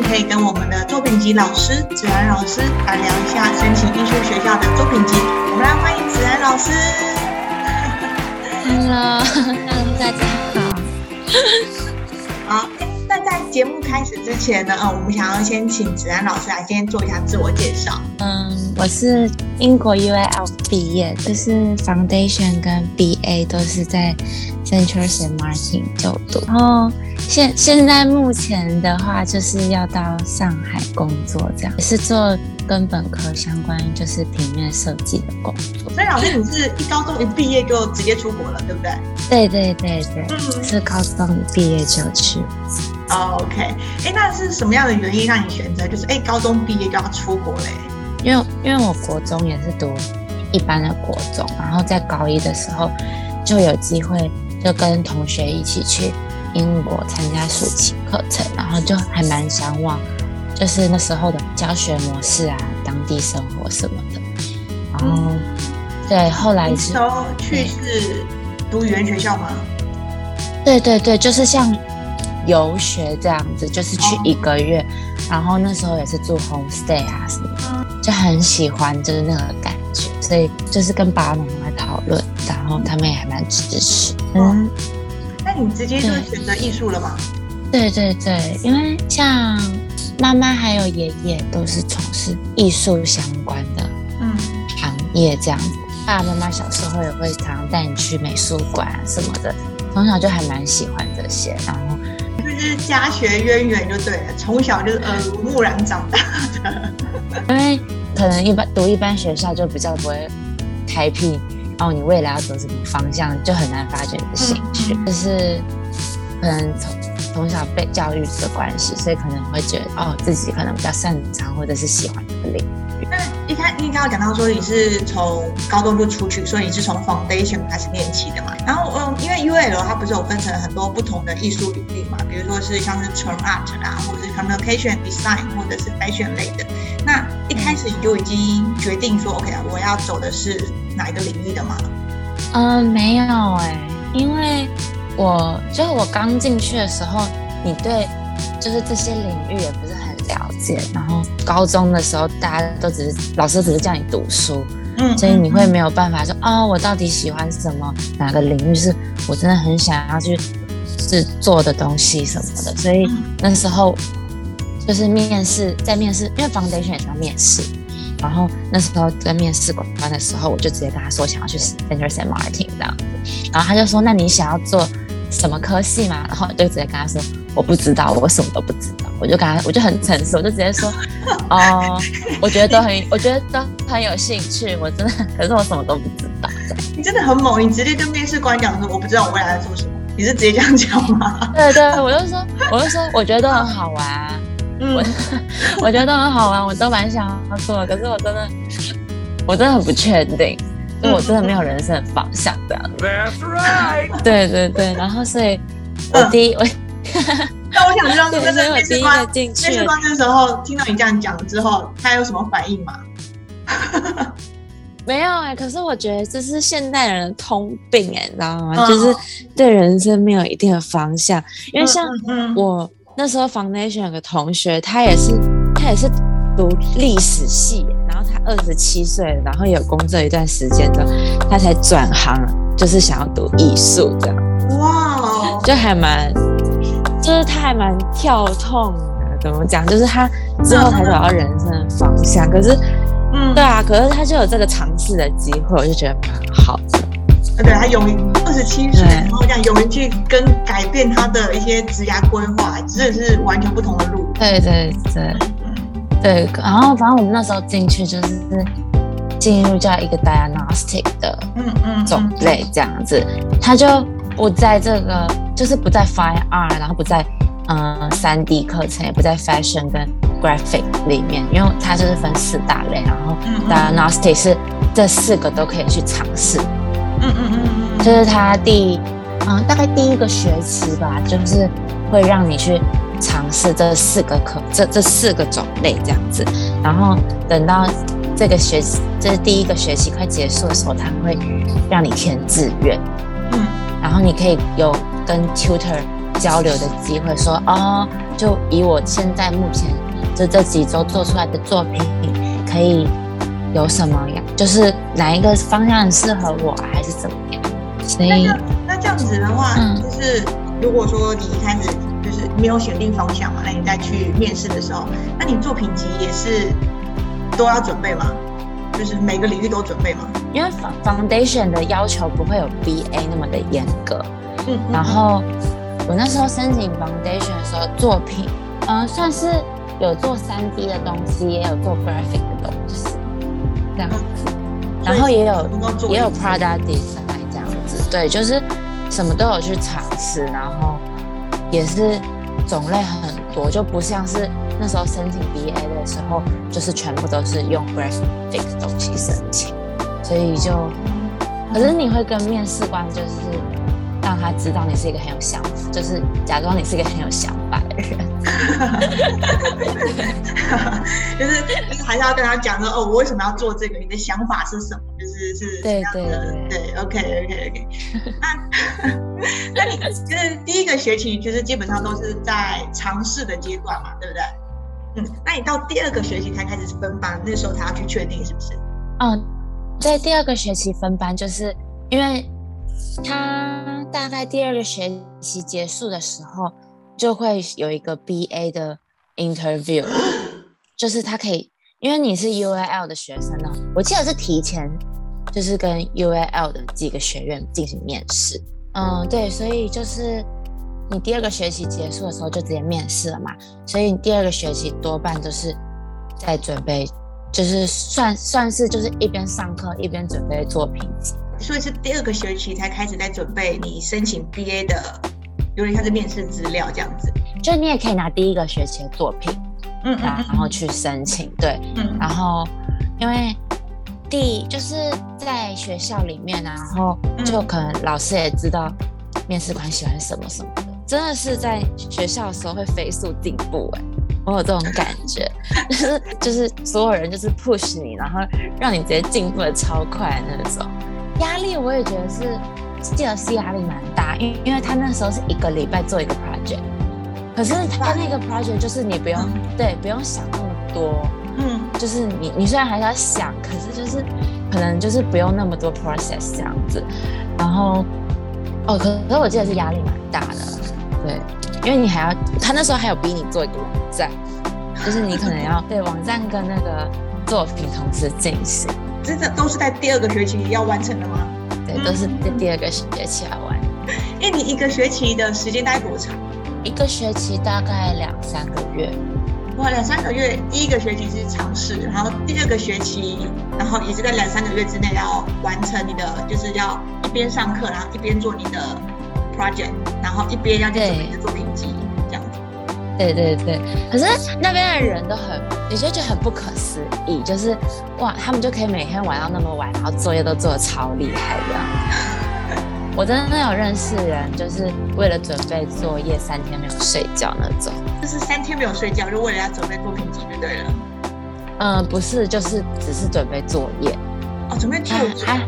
可以跟我們的作品集老師子安老師來聊一下申請藝術學校的作品集。我們來歡迎子安老師。Hello，Hello，大家好。 好，那在節目開始之前呢，嗯，我們想要先請子安老師來先做一下自我介紹。嗯，um, 我是英國 UAL 畢業，就是 Foundation 跟 BA 都是在。就讀，現現在目前的話就是要到上海工作，這樣也是做跟本科相關，就是平面設計的工作。所以老師，你是一高中一畢業就直接出國了，對不對？對對對對、嗯、是高中一畢業就去。Oh, OK，哎，那是什麼樣的原因讓你選擇，就是哎高中畢業就要出國嘞？因為因為我國中也是讀一般的國中，然後在高一的時候就有機會。就跟同學一起去英國參加暑期課程，然後就還蠻嚮往啊，就是那時候的教學模式啊，當地生活什麼的。然後對，後來那時候去是讀語言學校嗎？對，對對對，就是像遊學這樣子，就是去一個月，然後那時候也是住 homestay 啊什麼的，就很喜歡就是那個感覺，所以就是跟爸媽，討論，然後他們也還蠻支持。嗯，那、嗯、你直接就是選擇藝術了嗎？對對對、對，因為像媽媽還有爺爺都是從事藝術相關的嗯行業這樣，爸爸媽媽小時候也會常常帶你去美術館什麼的，從小就還蠻喜歡這些。然後就是家學淵源就對了，從小就耳濡目染長大的。嗯、 因為可能一般讀一般學校就比較不會開闢。哦，你未來要走什麼方向，就很難發掘你的興趣。嗯、就是可能從從小被教育的關係，所以可能會覺得哦，自己可能比較擅長或者是喜歡哪個領域。那一開始，你剛剛講到說你是從高中就出去，嗯、所以你是從 foundation 開始練起的嘛？然後，嗯，因為 UCL 它不是有分成很多不同的藝術領域嘛？比如說是像是 turn art 啊，或者是 communication design，或者是 fashion 類的。那一開始你就已經決定說，OK 啊，我要走的是。哪一個領域的嗎？嗯、呃，沒有哎、欸，因為我就我剛進去的時候，你對就是這些領域也不是很了解。然後高中的時候，大家都只是老師只是叫你讀書，嗯，所以你會沒有辦法說，嗯、哦，我到底喜歡什麼？哪個領域、就是我真的很想要去製作的東西什麼的？所以、嗯、那時候就是面試，在面試，因為 foundation 也要面試。然後那時候跟面試官的時候，我就直接跟他說想要去 Central Saint Martins 這樣子，然後他就說，那你想要做什麼科系嘛？然後就直接跟他說我不知道，我什麼都不知道。我就跟他，我就很誠實，我就直接說哦、呃，我覺得都很，我覺得都很有興趣，我真的，可是我什麼都不知道。你真的很猛，你直接跟面試官講說我不知道我未來要做什麼，你是直接這樣講嗎？對對，我就說，我就說，我覺得都很好玩。我我覺得都很好玩，我都蠻想要做，可是我真的，我真的很不確定，因為我真的沒有人生的方向這樣子 That's right. 對對對，然後所以，我第一我，uh, 但我想知道，就是我第一個進去的時候，聽到你這樣講之後，他有什麼反應嗎？ 沒有哎、欸，可是我覺得這是現代人的通病哎、欸，你知道嗎？Uh. 就是對人生沒有一定的方向，因為像我。Uh, uh, uh. 那時候 Foundation 有個同學，他也是他也是讀歷史系，然後他二十七歲，然後有工作一段時間之後，他才轉行，就是想要讀藝術這樣。哇，Wow. 就還蠻，就是他還蠻跳痛的，怎麼講？就是他之後才找到人生的方向，可是，嗯，對啊，可是他就有這個嘗試的機會，我就覺得蠻好的。對，他有名二十七歲，然後這樣有人去跟改變他的一些職業規劃，這是完全不同的路。對對對，對、嗯。然後反正我們那時候進去就是進入叫一個 diagnostic 的，嗯嗯種類這樣子，他、嗯嗯嗯、就不在這個，就是不在 fine art，然後不在嗯三 D 課程，也不在 fashion 跟 graphic 裡面，因為它就是分四大類，然後 diagnostic 是這四個都可以去嘗試。嗯嗯嗯嗯嗯，這是他第，嗯，大概第一個學期吧，就是會讓你去嘗試這四個課，這這四個種類這樣子。然後等到這個學期，這、就是第一個學期快結束的時候，他會讓你填志願。嗯，然後你可以有跟 tutor 交流的機會說，說哦，就以我現在目前就這幾周做出來的作品，可以有什麼呀？就是哪一個方向適合我，啊，還是怎麼樣？所以那，那這樣子的話，嗯、就是如果說你一開始就是沒有選定方向嘛，那你再去面試的時候，那你作品集也是都要準備嗎？就是每個領域都準備嗎？因為 Foundation 的要求不會有 BA 那麼的嚴格。嗯哼哼。然後我那時候申請 Foundation 的時候，作品嗯、呃、算是有做 3D 的東西，也有做 graphic 的東西。這樣然後也有也有 product design 這樣子，對，就是什麼都有去嘗試，然後也是種類很多，就不像是那時候申請 BA 的時候，就是全部都是用 graphic 東西申請，所以就，可是你會跟面試官就是讓他知道你是一個很有想法，就是假裝你是一個很有想法的人。哈哈哈哈哈，就是 就是還是要跟他講說哦，我為什麼要做這個？你的想法是什麼？就是是這樣的，對對對，OK OK OK 那，那那你就是第一個學期，其實基本上都是在嘗試的階段嘛，對不對？嗯，那你到第二個學期才開始分班，那時候才要去確定是不是？嗯，在第二個學期分班，就是因為他大概第二個學期結束的時候。就會有一個 BA 的 interview，就是他可以，因為你是 UAL 的學生呢，我記得是提前，就是跟 UAL 的幾個學院進行面試。嗯，對，所以就是你第二個學期結束的時候就直接面試了嘛，所以你第二個學期多半都是在準備，就是算算是就是一邊上課一邊準備作品集，所以是第二個學期才開始在準備你申請 BA 的。有點像是面試資料這樣子，就是你也可以拿第一個學期的作品，嗯，嗯，嗯，然後去申請，對，嗯，然後因為第就是在學校裡面、啊，然後就可能老師也知道面試官喜歡什麼什麼的，真的是在學校的時候會飛速進步哎、欸，我有這種感覺，就是 就是所有人就是 push 你，然後讓你直接進步的超快的那種，壓力我也覺得是。記得是壓力蠻大，因因為他那時候是一個禮拜做一個 project，可是他那個 project 就是你不用，嗯、對，不用想那麼多，嗯，就是你你雖然還是要想，可是就是可能就是不用那麼多 process 這樣子，然後哦可，可是我記得是壓力蠻大的，對，因為你還要他那時候還有逼你做一個網站，就是你可能要、嗯、對網站跟那個作品同時進行，這這都是在第二個學期要完成的嗎？都是在第二個學期來玩，因為你一個學期的時間大概多長？一個學期大概兩三個月。哇，兩三個月，第一個學期是嘗試，然後第二個學期，然後也是在兩三個月之內要完成你的，就是要一邊上課，然後一邊做你的 project，然後一邊要做你的作品集。對對對，可是那邊的人都很，你就覺得很不可思議，就是哇，他們就可以每天玩到那麼晚，然後作業都做得超厲害這樣。對我真的有認識人，就是為了準備作業，三天沒有睡覺那種。就是三天沒有睡覺，就為了要準備作品集。就對了。嗯、呃，不是，就是只是準備作業。哦，準備作業。他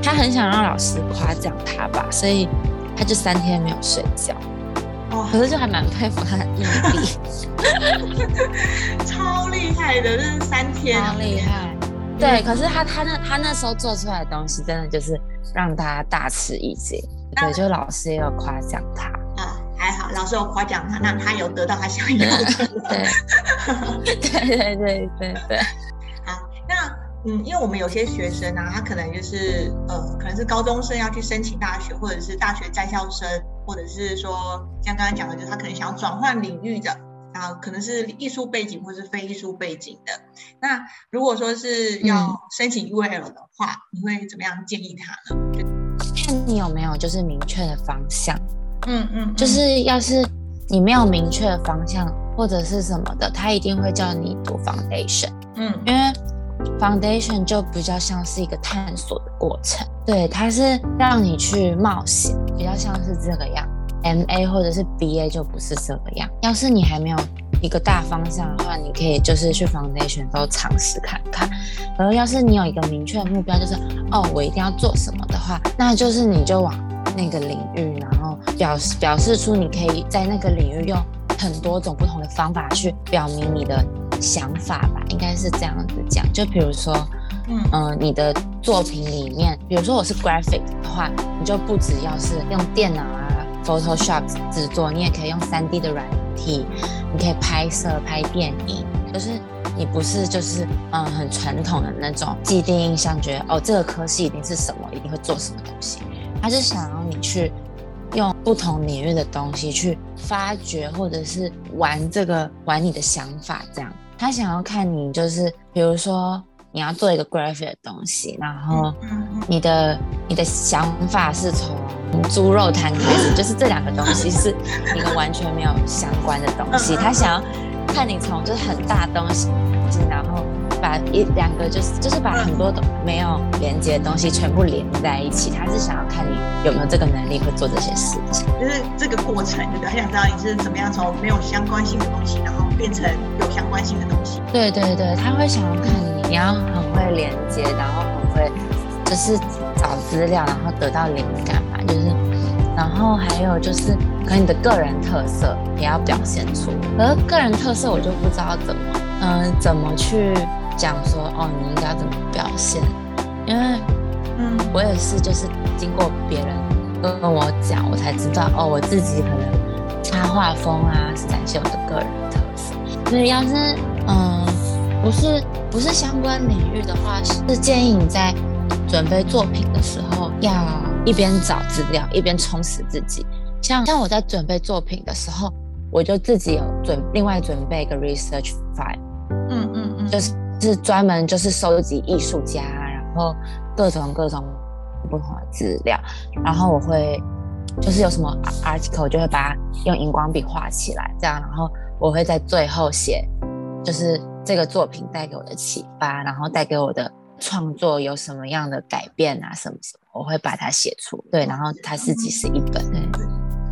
他很想讓老師誇獎他吧，所以他就三天沒有睡覺。可是就還蠻佩服他的毅力， 超厲害的，這是三天、啊、超厲害。對，嗯、可是他他那他那時候做出來的東西，真的就是讓他大吃一驚。那對，就老師也有誇獎他。啊、嗯，還好老師有誇獎他，讓對他有得到他想要的。對，呵呵對，對對對對對。好，那嗯，因為我們有些學生呢，啊，他可能就是呃，可能是高中生要去申請大學，或者是大學在校生。或者是說，像剛剛講的，就是他可能想要轉換領域的，然後可能是藝術背景或是非藝術背景的。那如果說是要申請 UCL 的話，嗯、你會怎麼樣建議他呢？你有沒有就是明確的方向，嗯嗯，嗯嗯，就是要是你沒有明確的方向或者是什麼的，他一定會叫你讀 Foundation，嗯，因為。Foundation 就比較像是一個探索的過程，對，它是讓你去冒險，比較像是這個樣。MA 或者是 BA 就不是這個樣。要是你還沒有一個大方向的話，你可以就是去 Foundation 都嘗試看看。然後要是你有一個明確的目標，就是哦我一定要做什麼的話，那就是你就往那個領域，然後表示表示出你可以在那個領域用很多種不同的方法去表明你的。想法吧，應該是這樣子講，就比如說，嗯、呃、你的作品裡面，比如說我是 graphic 的話，你就不只要是用電腦啊 Photoshop 製作，你也可以用三 D 的軟體，你可以拍攝拍電影，就是你不是就是嗯、呃、很傳統的那種既定印象，覺得哦這個科系一定是什麼，一定會做什麼東西，他是想要你去用不同領域的東西去發掘或者是玩這個玩你的想法這樣。他想要看你，就是比如說你要做一個 graphic 的東西，然後你的你的想法是從豬肉攤開始， 就是這兩個東西是一個完全沒有相關的東西。 他想要看你從就是很大東西，然後。把一兩個就是就是把很多都沒有連接的東西全部連在一起，他是想要看你有沒有這個能力會做這些事情，就是這個過程，就是他想知道你是怎麼樣從沒有相關性的東西，然後變成有相關性的東西。對對對，他會想要看你，你要很會連接，然後很會就是找資料，然後得到靈感嘛，就是，然後還有就是，可能你的個人特色也要表現出。而個人特色我就不知道怎麼，嗯、呃，怎麼去。講說哦，你應該怎麼表現？因為嗯，我也是，就是經過別人跟我講，我才知道哦，我自己可能插畫風啊是展現我的個人特色。所以、嗯、要是嗯，不是不是相關領域的話，是建議你在準備作品的時候，要一邊找資料，一邊充實自己。像像我在準備作品的時候，我就自己有準另外準備一個 research file，嗯嗯嗯，嗯嗯就是。就是專門就是收集藝術家啊，然後各種各種不同的資料，然後我會就是有什麼 article 就會把它用熒光筆畫起來，這樣，然後我會在最後寫，就是這個作品帶給我的啟發，然後帶給我的創作有什麼樣的改變啊，什麼什麼，我會把它寫出。對，然後它自己是一本。對，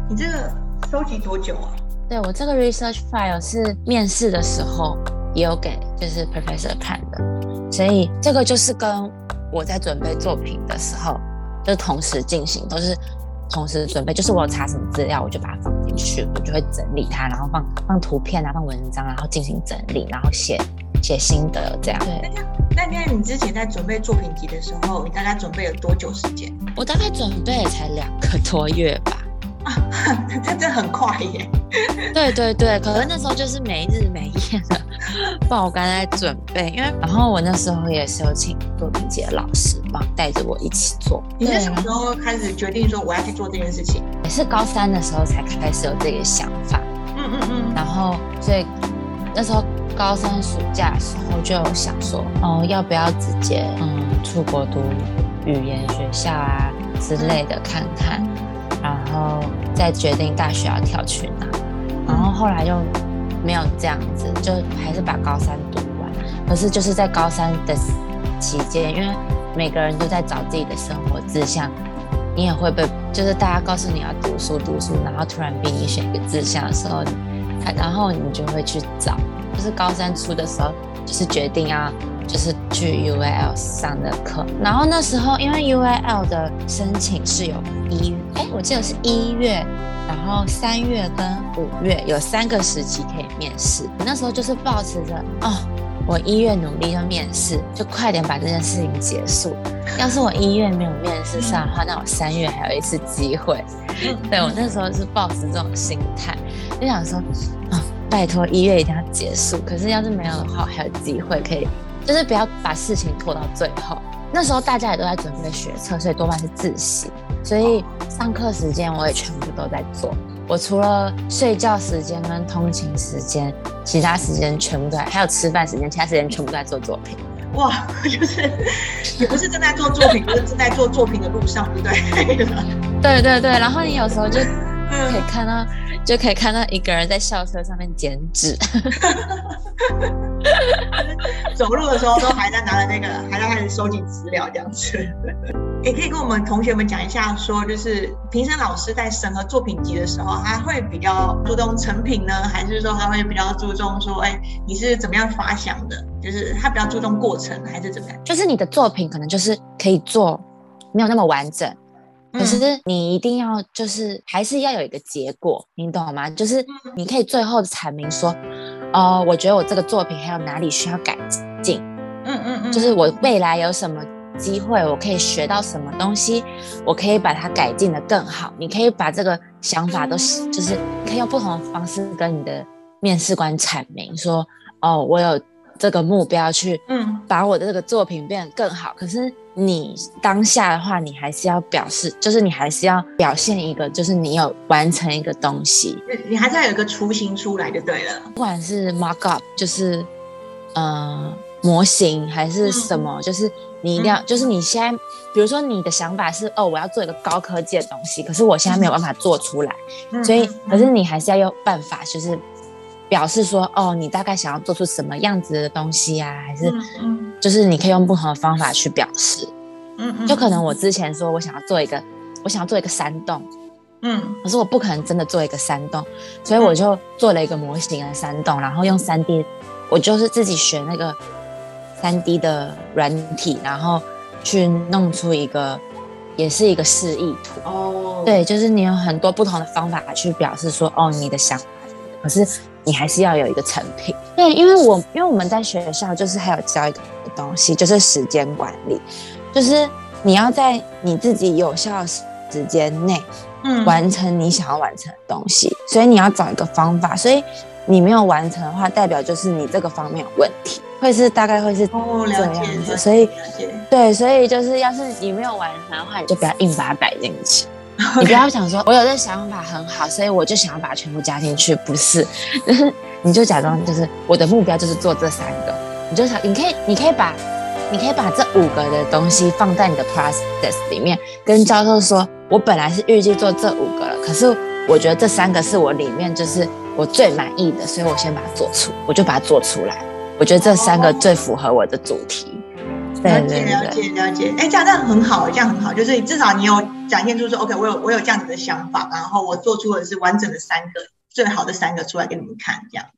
你這個收集多久啊？對，我這個 research file 是面試的時候。也有給就是 professor 看的，所以這個就是跟我在準備作品的時候，就同時進行，都是同時準備。就是我有查什麼資料，我就把它放進去，我就會整理它，然後放放圖片啊，放文章，然後進行整理，然後寫寫心得這樣。對，那天那天你之前在準備作品集的時候，你大概準備了多久時間？我大概準備了才兩個多月吧。啊、這，這很快耶！對對對，可是那時候就是沒日沒夜的爆肝在準備，因為然後我那時候也是有請郭明杰老師幫帶着我一起做。啊、你是什麼時候開始決定說我要去做這件事情？也是高三的時候才開始有這個想法。嗯嗯嗯。嗯嗯，然後所以那時候高三暑假的時候就想說，哦，要不要直接嗯出國讀語言學校啊之類的看看。嗯然後再決定大學要跳去哪，然後後來又沒有這樣子，就還是把高三讀完。可是就是在高三的期間，因為每個人都在找自己的生活志向，你也會被就是大家告訴你要讀書讀書，然後突然逼你選一個志向的時候，啊，然後你就會去找。就是高三初的時候，就是決定啊。就是去 UAL 上的課，然後那時候因為 UAL 的申請是有一，誒，我記得是一月，然後三月跟五月有三個時期可以面試。我那時候就是保持着，哦，我一月努力就面試，就快點把這件事情結束。要是我一月沒有面試上的話，那我三月還有一次機會。對，我那時候是抱着這種心態，就想說，哦，拜托一月一定要結束。可是要是沒有的話，我還有機會可以。就是不要把事情拖到最後。那時候大家也都在準備學測，所以多半是自習，所以上課時間我也全部都在做。我除了睡覺時間跟通勤時間，其他時間全部都在，還有吃飯時間，其他時間全部都在做作品。哇，就是也不是正在做作品，而 是正在做作品的路上，對對？對對對，然後你有時候就。可以看到，嗯、就可以看到一個人在校車上面剪紙， 走路的時候都還在拿着那個， 還在開始收集資料這樣子。也、欸、可以跟我們同學們講一下，說就是評審老師在審核作品集的時候，他、啊、會比較注重成品呢，還是說他會比較注重說，哎、欸，你是怎麼樣發想的？就是他比較注重過程還是怎麼樣？就是你的作品可能就是可以做，沒有那麼完整。可是你一定要就是還是要有一個結果，你懂嗎？就是你可以最後的闡明說，哦，我覺得我這個作品還有哪裡需要改進，嗯嗯嗯，就是我未來有什麼機會，我可以學到什麼東西，我可以把它改進得更好。你可以把這個想法都就是可以用不同的方式跟你的面試官闡明說，哦，我有。這個目標去，嗯，把我的這個作品變得更好。嗯、可是你當下的話，你還是要表示，就是你還是要表現一個，就是你有完成一個東西，你還是要有一個雛形出來就對了。不管是 mock up，就是呃模型還是什麼，嗯、就是你一定要，嗯、就是你現在，比如說你的想法是哦，我要做一個高科技的東西，可是我現在沒有辦法做出來，嗯、所以，嗯、可是你還是要有辦法，就是。表示說哦，你大概想要做出什麼樣子的東西啊？還是就是你可以用不同的方法去表示。嗯，嗯。就可能我之前說我想要做一個，我想要做一個山洞。嗯。可是我不可能真的做一個山洞，所以我就做了一個模型的山洞，嗯、然後用三 D，我就是自己選那個三 D 的軟體，然後去弄出一個，也是一個示意圖。哦。對，就是你有很多不同的方法去表示說哦，你的想法，可是。你還是要有一個成品。對，因為我因為我們在學校就是還有教一個東西，就是時間管理，就是你要在你自己有效的時間內，嗯，完成你想要完成的東西。嗯、所以你要找一個方法。所以你沒有完成的話，代表就是你這個方面有問題，會是大概會是這樣子。哦、所以，了解。對，所以就是要是你沒有完成的話，你就不要硬把它擺進去。你不要想說，我有這想法很好，所以我就想要把它全部加進去，不是？ 你就假裝就是我的目標就是做這三個，你就想，你可以，你可以把，你可以把這五個的東西放在你的 process 裡面，跟教授說，我本來是預計做這五個了，可是我覺得這三個是我裡面就是我最滿意的，所以我先把它做出，我就把它做出來，我覺得這三個最符合我的主題。了解了解了解。哎，這樣這樣很好，這樣很好，就是你至少你有展現出說，OK，我有我有這樣子的想法，然後我做出的是完整的三個最好的三個出來給你們看，這樣子。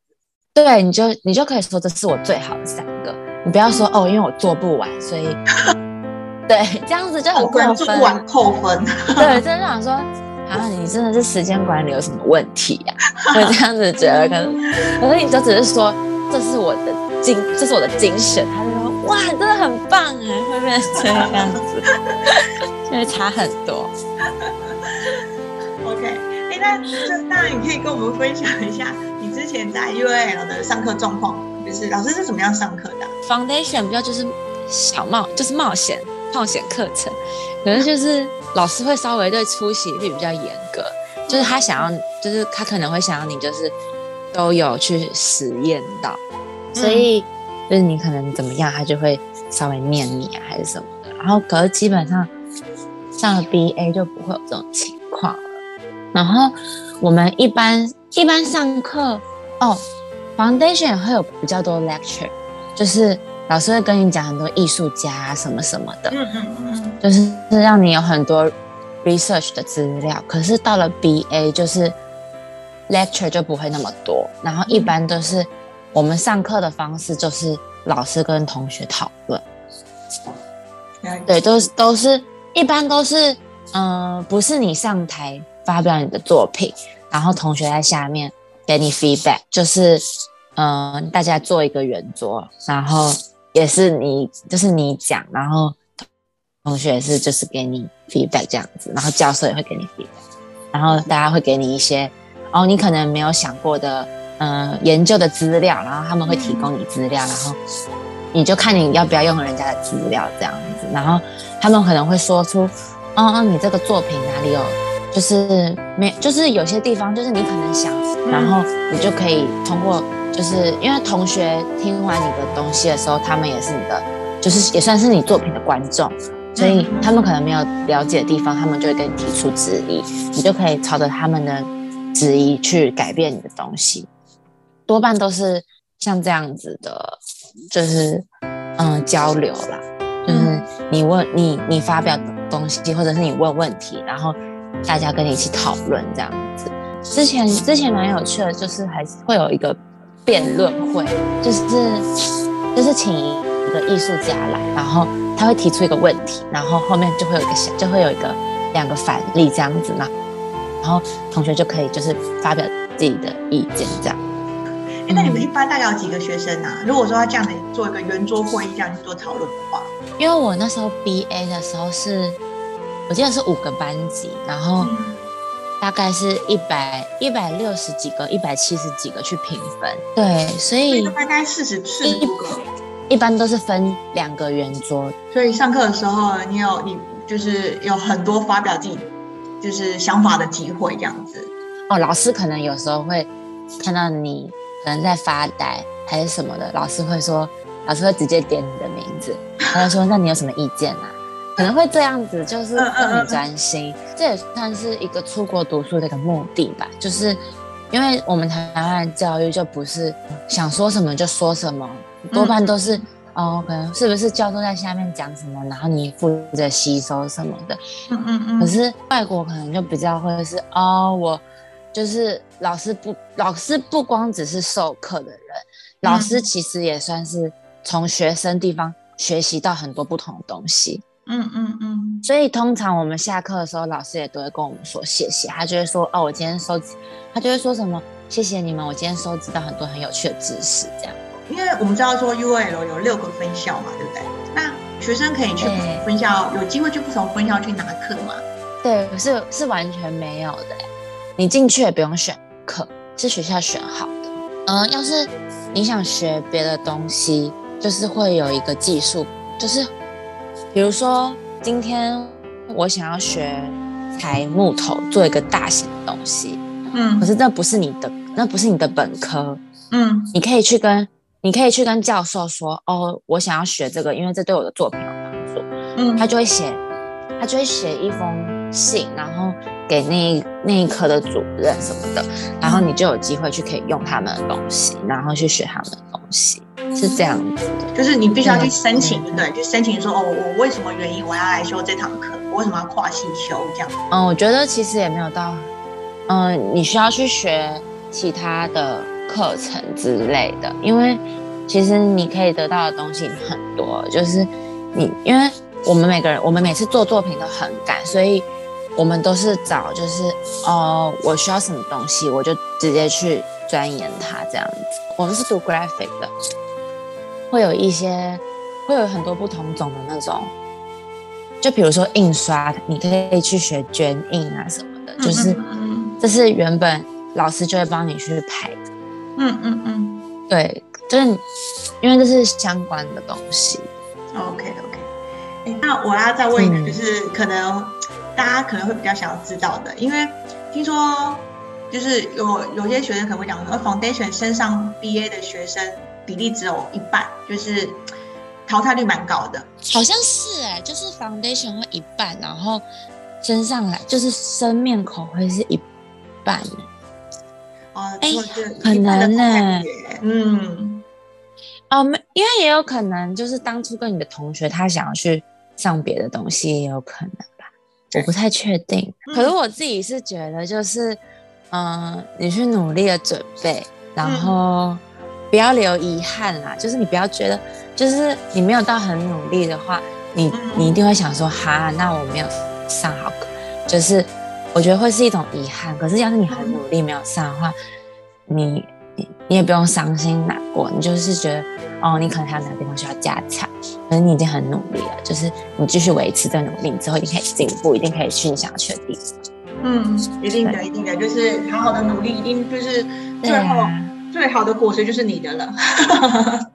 對，你就你就可以說，這是我最好的三個，你不要說、嗯、哦，因為我做不完，所以 對，這樣子就很關注不完扣分。扣分 對，真是想說，啊，你真的是時間管理有什麼問題呀、啊？ 我這樣子覺得，可能可是你就只是說這是，這是我的精，這是我的精神。哇，真的很棒哎，會變成這樣子，現在 差很多。 OK，哎、欸，那那你可以跟我們分享一下你之前在 U A L 的上課狀況，就是老師是怎麼樣上課的？Foundation 比較就是小冒，就是冒險、冒險課程，可能就是老師會稍微對出席率比，比較嚴格，嗯、就是他想要，就是他可能會想要你就是都有去實驗到，所以。就是你可能怎麼樣，他就會稍微念你啊，還是什麼的。然後，可是基本上上了 BA 就不會有這種情況了。然後我們一般一般上課哦，Foundation 會有比較多 lecture，就是老師會跟你講很多藝術家啊，什麼什麼的。就是讓你有很多 research 的資料。可是到了 BA，就是 lecture 就不會那麼多。然後一般都是。我們上課的方式就是老師跟同學討論，對，都是都是，一般都是，嗯、呃，不是你上台發表你的作品，然後同學在下面給你 feedback，就是嗯、呃，大家做一個圓桌，然後也是你，就是你講，然後同學也是就是給你 feedback 這樣子，然後教授也會給你 feedback，然後大家會給你一些，哦，你可能沒有想過的。嗯、呃，研究的資料，然後他們會提供你資料，然後你就看你要不要用人家的資料這樣子。然後他們可能會說出，嗯、哦、嗯、哦，你這個作品哪裡有、哦，就是沒，就是有些地方，就是你可能想，然後你就可以通過，就是因為同學聽完你的東西的時候，他們也是你的，就是也算是你作品的觀眾，所以他們可能沒有了解的地方，他們就會給你提出質疑，你就可以朝着他們的質疑去改變你的東西。多半都是像這樣子的，就是嗯，交流啦，就是你問你你發表東西，或者是你問問題，然後大家跟你一起討論這樣子。之前之前蠻有趣的，就是還是會有一個辯論會，就是就是請一個藝術家來，然後他會提出一個問題，然後後面就會有一個小，就會有一個兩個反例這樣子嘛，然後同學就可以就是發表自己的意見這樣。嗯欸、那你們一般大概有幾個學生啊？如果說要這樣子做一個圓桌會議，這樣去做討論的話，因為我那時候 BA 的時候是，我記得是五個班級，然後大概是一百一百六十幾個，一百七十幾個去評分。對，所以，所以大概四十四十五個。一，一般都是分兩個圓桌。所以上課的時候，你有你就是有很多發表自己就是想法的機會，這樣子。哦，老師可能有時候會看到你，人在發呆還是什麼的，老師會說，老師會直接點你的名字，然後說：“那你有什麼意見啊？”可能會這樣子，就是很專心。這也算是一個出國讀書的一個目的吧，就是因為我們台灣的教育就不是想說什麼就說什麼，多半都是哦，可能是不是教授在下面講什麼，然後你負責吸收什麼的。嗯嗯嗯。可是外國可能就比較會是哦，我。就是老師不，老師不光只是授課的人，嗯、老師其實也算是從學生地方學習到很多不同的東西。嗯嗯嗯。嗯嗯所以通常我們下課的時候，老師也都會跟我們說謝謝，他就會說哦，我今天收集，他就會說什麼謝謝你們，我今天收集到很多很有趣的知識，這樣。因為我們知道說 UAL 有六個分校嘛，對不對？那學生可以去分校，對有機會去不同分校去拿課嗎？對，可是是完全沒有的、欸。你進去也不用選課，是學校選好的。嗯，要是你想學別的東西，就是會有一個技術，就是比如說今天我想要學裁木頭做一個大型的東西，嗯，可是那不是你的，那不是你的本科，嗯，你可以去跟你可以去跟教授說，哦，我想要學這個，因為這對我的作品有幫助，嗯，他，他就會寫，他就會寫一封。信，然後給那一那一科的主任什麼的，然後你就有機會去可以用他們的東西，然後去學他們的東西，是這樣子的。就是你必須要去申請，對、嗯，去申請說哦，我為什麼原因我要來修這堂課？我為什麼要跨系修？這樣。嗯，我覺得其實也沒有到，嗯，你需要去學其他的課程之類的，因為其實你可以得到的東西很多，就是你因為我們每個人我們每次做作品都很趕，所以。我們都是找，就是哦，我需要什麼東西，我就直接去鑽研它這樣子。我們是讀 graphic 的，會有一些，會有很多不同種的那種，就比如說印刷，你可以去學絹印啊什麼的，就是，嗯嗯嗯，這是原本老師就會幫你去拍，嗯嗯嗯，對，就是因為這是相關的東西。OK OK，欸，那我要再問一個，就是可能，嗯。大家可能會比較想要知道的，因為聽說就是有有些學生可能會講說，foundation 升上 BA 的學生比例只有一半，就是淘汰率蠻高的。好像是哎、欸，就是 foundation 會一半，然後升上來就是生面孔會是一半。哦、嗯，哎、欸，很難呢、欸。嗯。哦、嗯，沒、嗯，因為也有可能就是當初跟你的同學他想要去上別的東西，也有可能。我不太確定，可是我自己是覺得，就是，嗯、呃，你去努力的準備，然後不要留遺憾啦。就是你不要覺得，就是你沒有到很努力的話，你你一定會想說，哈，那我沒有上好課，就是我覺得會是一種遺憾。可是要是你很努力沒有上的話，你你也不用傷心難過，你就是覺得。哦，你可能還有哪地方需要加強。可是你已經很努力了，就是你繼續維持在努力之後，一定可以進步，一定可以去你想要去的地方。嗯，一定的，對一定的，就是好好的努力，一定就是最後、啊、最好的果實就是你的了。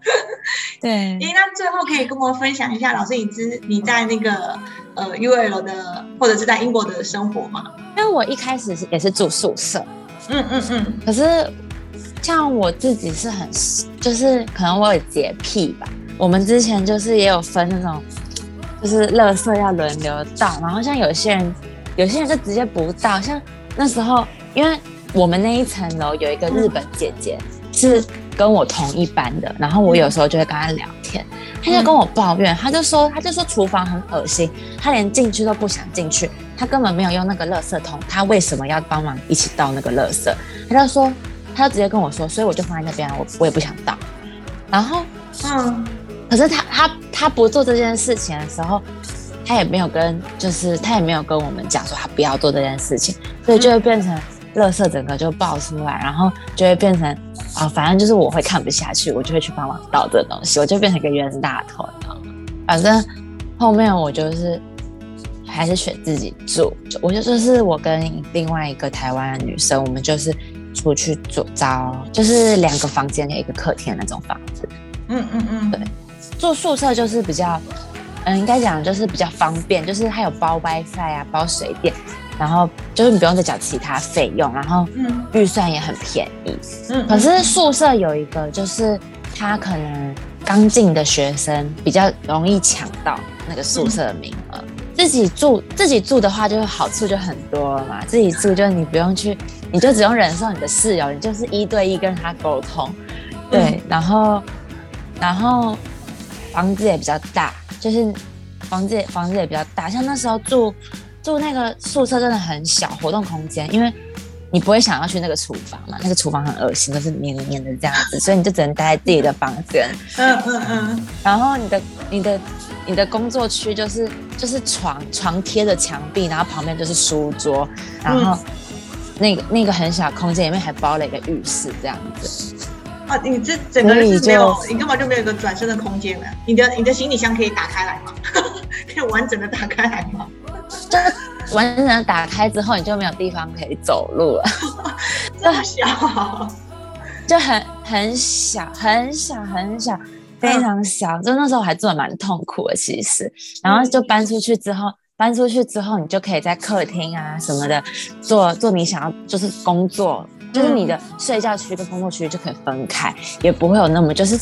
對，你、欸、那最後可以跟我分享一下，老師，你知你在那個呃 UCL 的或者是在英國的生活嗎？因為我一開始也是住宿舍，嗯嗯嗯，嗯嗯可是。像我自己是很，就是可能我有潔癖吧。我們之前就是也有分那種，就是垃圾要輪流倒。然後像有些人，有些人就直接不倒。像那時候，因為我們那一層樓有一個日本姐姐是跟我同一班的，然後我有時候就會跟她聊天，她、嗯、就跟我抱怨，她就說，她就說廚房很惡心，她連進去都不想進去，她根本沒有用那個垃圾桶，她為什麼要幫忙一起倒那個垃圾？她就說。他就直接跟我說，所以我就放在那邊，我我也不想倒。然後，嗯，可是他他他不做這件事情的時候，他也沒有跟，就是他也沒有跟我們講說他不要做這件事情，所以就會變成垃圾整個就爆出來，然後就會變成啊、呃，反正就是我會看不下去，我就會去幫忙倒這東西，我就變成一個冤大頭、嗯、反正後面我就是還是選自己住，就我就說是我跟另外一個台灣的女生，我們就是。出去做招，就是兩個房間有一個客廳那種房子。嗯嗯嗯，嗯嗯對，住宿舍就是比較，嗯，應該講就是比較方便，就是還有包 WiFi 啊，包水電，然後就是你不用再繳其他費用，然後嗯，預算也很便宜。嗯，可是宿舍有一個就是，他可能剛進的學生比較容易搶到那個宿舍的名額。嗯、自己住自己住的話，就是好處就很多了嘛，自己住就是你不用去。你就只用忍受你的室友，你就是一對一跟他溝通，對，嗯、然後，然後房子也比較大，就是房子也房子也比較大，像那時候住住那個宿舍真的很小，活動空間，因為你不會想要去那個廚房嘛，那個廚房很惡心，都、就是黏、黏黏的這樣子，所以你就只能待在自己的房間。嗯嗯嗯。然後你的你的你的工作區就是就是床床貼着牆壁，然後旁邊就是書桌，然後。嗯那個那個很小空間，裡面還包了一個浴室，這樣子。啊，你這整個裡是沒有，你根本就沒有一個轉身的空間了。你的你的行李箱可以打開來嗎？ 可以完整的打開來嗎？完整的打開之後，你就沒有地方可以走路了。 這麼小啊，就小，就很很小很小很小，非常小。就那時候還住的蠻痛苦的，其實。然後就搬出去之後。嗯。搬出去之後，你就可以在客廳啊什麼的做做你想要就是工作，就是你的睡覺區跟工作區就可以分開，也不會有那麼就是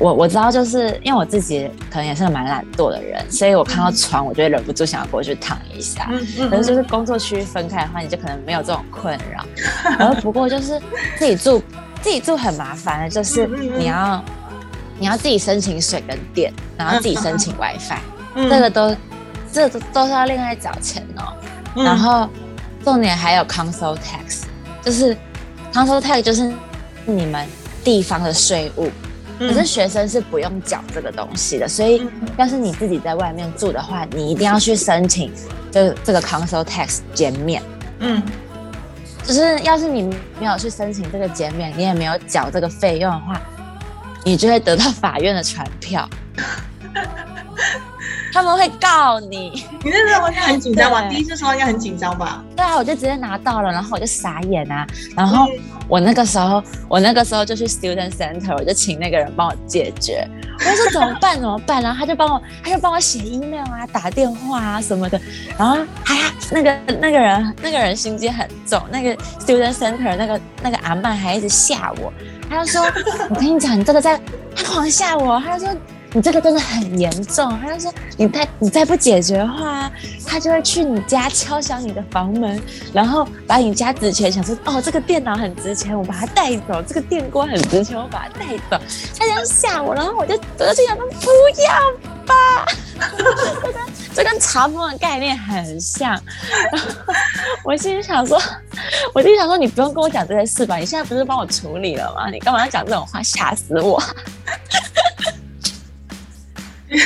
我我知道，就是因為我自己可能也是蠻懶惰的人，所以我看到床我就會忍不住想要過去躺一下。可是就是工作區分開的話，你就可能沒有這種困擾。然後不過就是自己住，自己住很麻煩的，就是你要你要自己申請水跟電，然後自己申請 WiFi，這個都。這都是要另外繳錢哦，嗯、然後重點還有 council tax，就是 council tax 就是你們地方的稅務，嗯、可是學生是不用繳這個東西的，所以要是你自己在外面住的話，你一定要去申請，就是這個 council tax 減免。嗯，就是要是你沒有去申請這個減免，你也沒有繳這個費用的話，你就會得到法院的傳票。 他們會告你，你那時候應該很緊張吧？對第一次說應該很緊張吧？對啊，我就直接拿到了，然後我就傻眼啊。然後我那個時候，我那個時候就去 student center，我就請那個人幫我解決。我就說怎麼辦？ 怎麼辦、啊？然後他就幫我，他就幫我寫 email 啊，打電話啊什麼的。然後他、哎、呀，那個那個人，那個人心機很重。那個 student center 那個那個阿曼還一直嚇我，他就說：“ 我跟你講，你這個在，他狂嚇我。”他就說。你這個真的很嚴重，他就說，你再你再不解決的話，他就會去你家敲響你的房門，然後把你家值錢，想說，哦，這個電腦很值錢，我把它帶走；這個電鍋很值錢，我把它帶走。他就嚇我，然後我就我在心想說不要吧，這 跟這跟查封的概念很像。然後我心裡想說，我心裡想說你不用跟我講這些事吧，你現在不是幫我處理了嗎？你幹嘛要講這種話，嚇死我！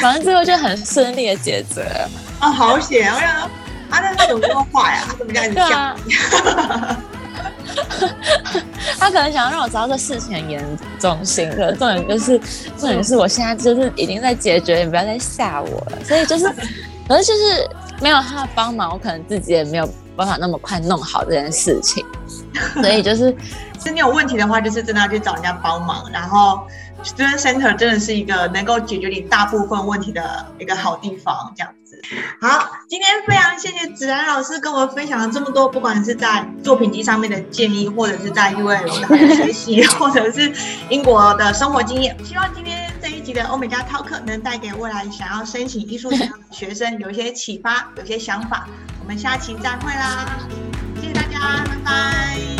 反正最後就很順利的解決了。啊、哦，好險、啊！我想啊，那他怎麼說話呀、啊？ 他怎麼叫你對啊， 他可能想要讓我知道這事情很嚴重性。嗯、可重點就是，是重點是我現在就是已經在解決，你不要再嚇我了。所以就是， 可能就是沒有他的幫忙，我可能自己也沒有辦法那麼快弄好這件事情。所以就是，是你有問題的話，就是真的要去找人家幫忙，然後。Student Center 真的是一個能夠解決你大部分問題的一個好地方，這樣子。好，今天非常謝謝子蘭老師跟我分享了這麼多，不管是在作品集上面的建議，或者是在因為我們學習，或者是英國的生活經驗。希望今天這一集的歐美加 Talk 能帶給未來想要申請藝術的學生有一些啟發，有些想法。我們下期再會啦，謝謝大家，拜拜。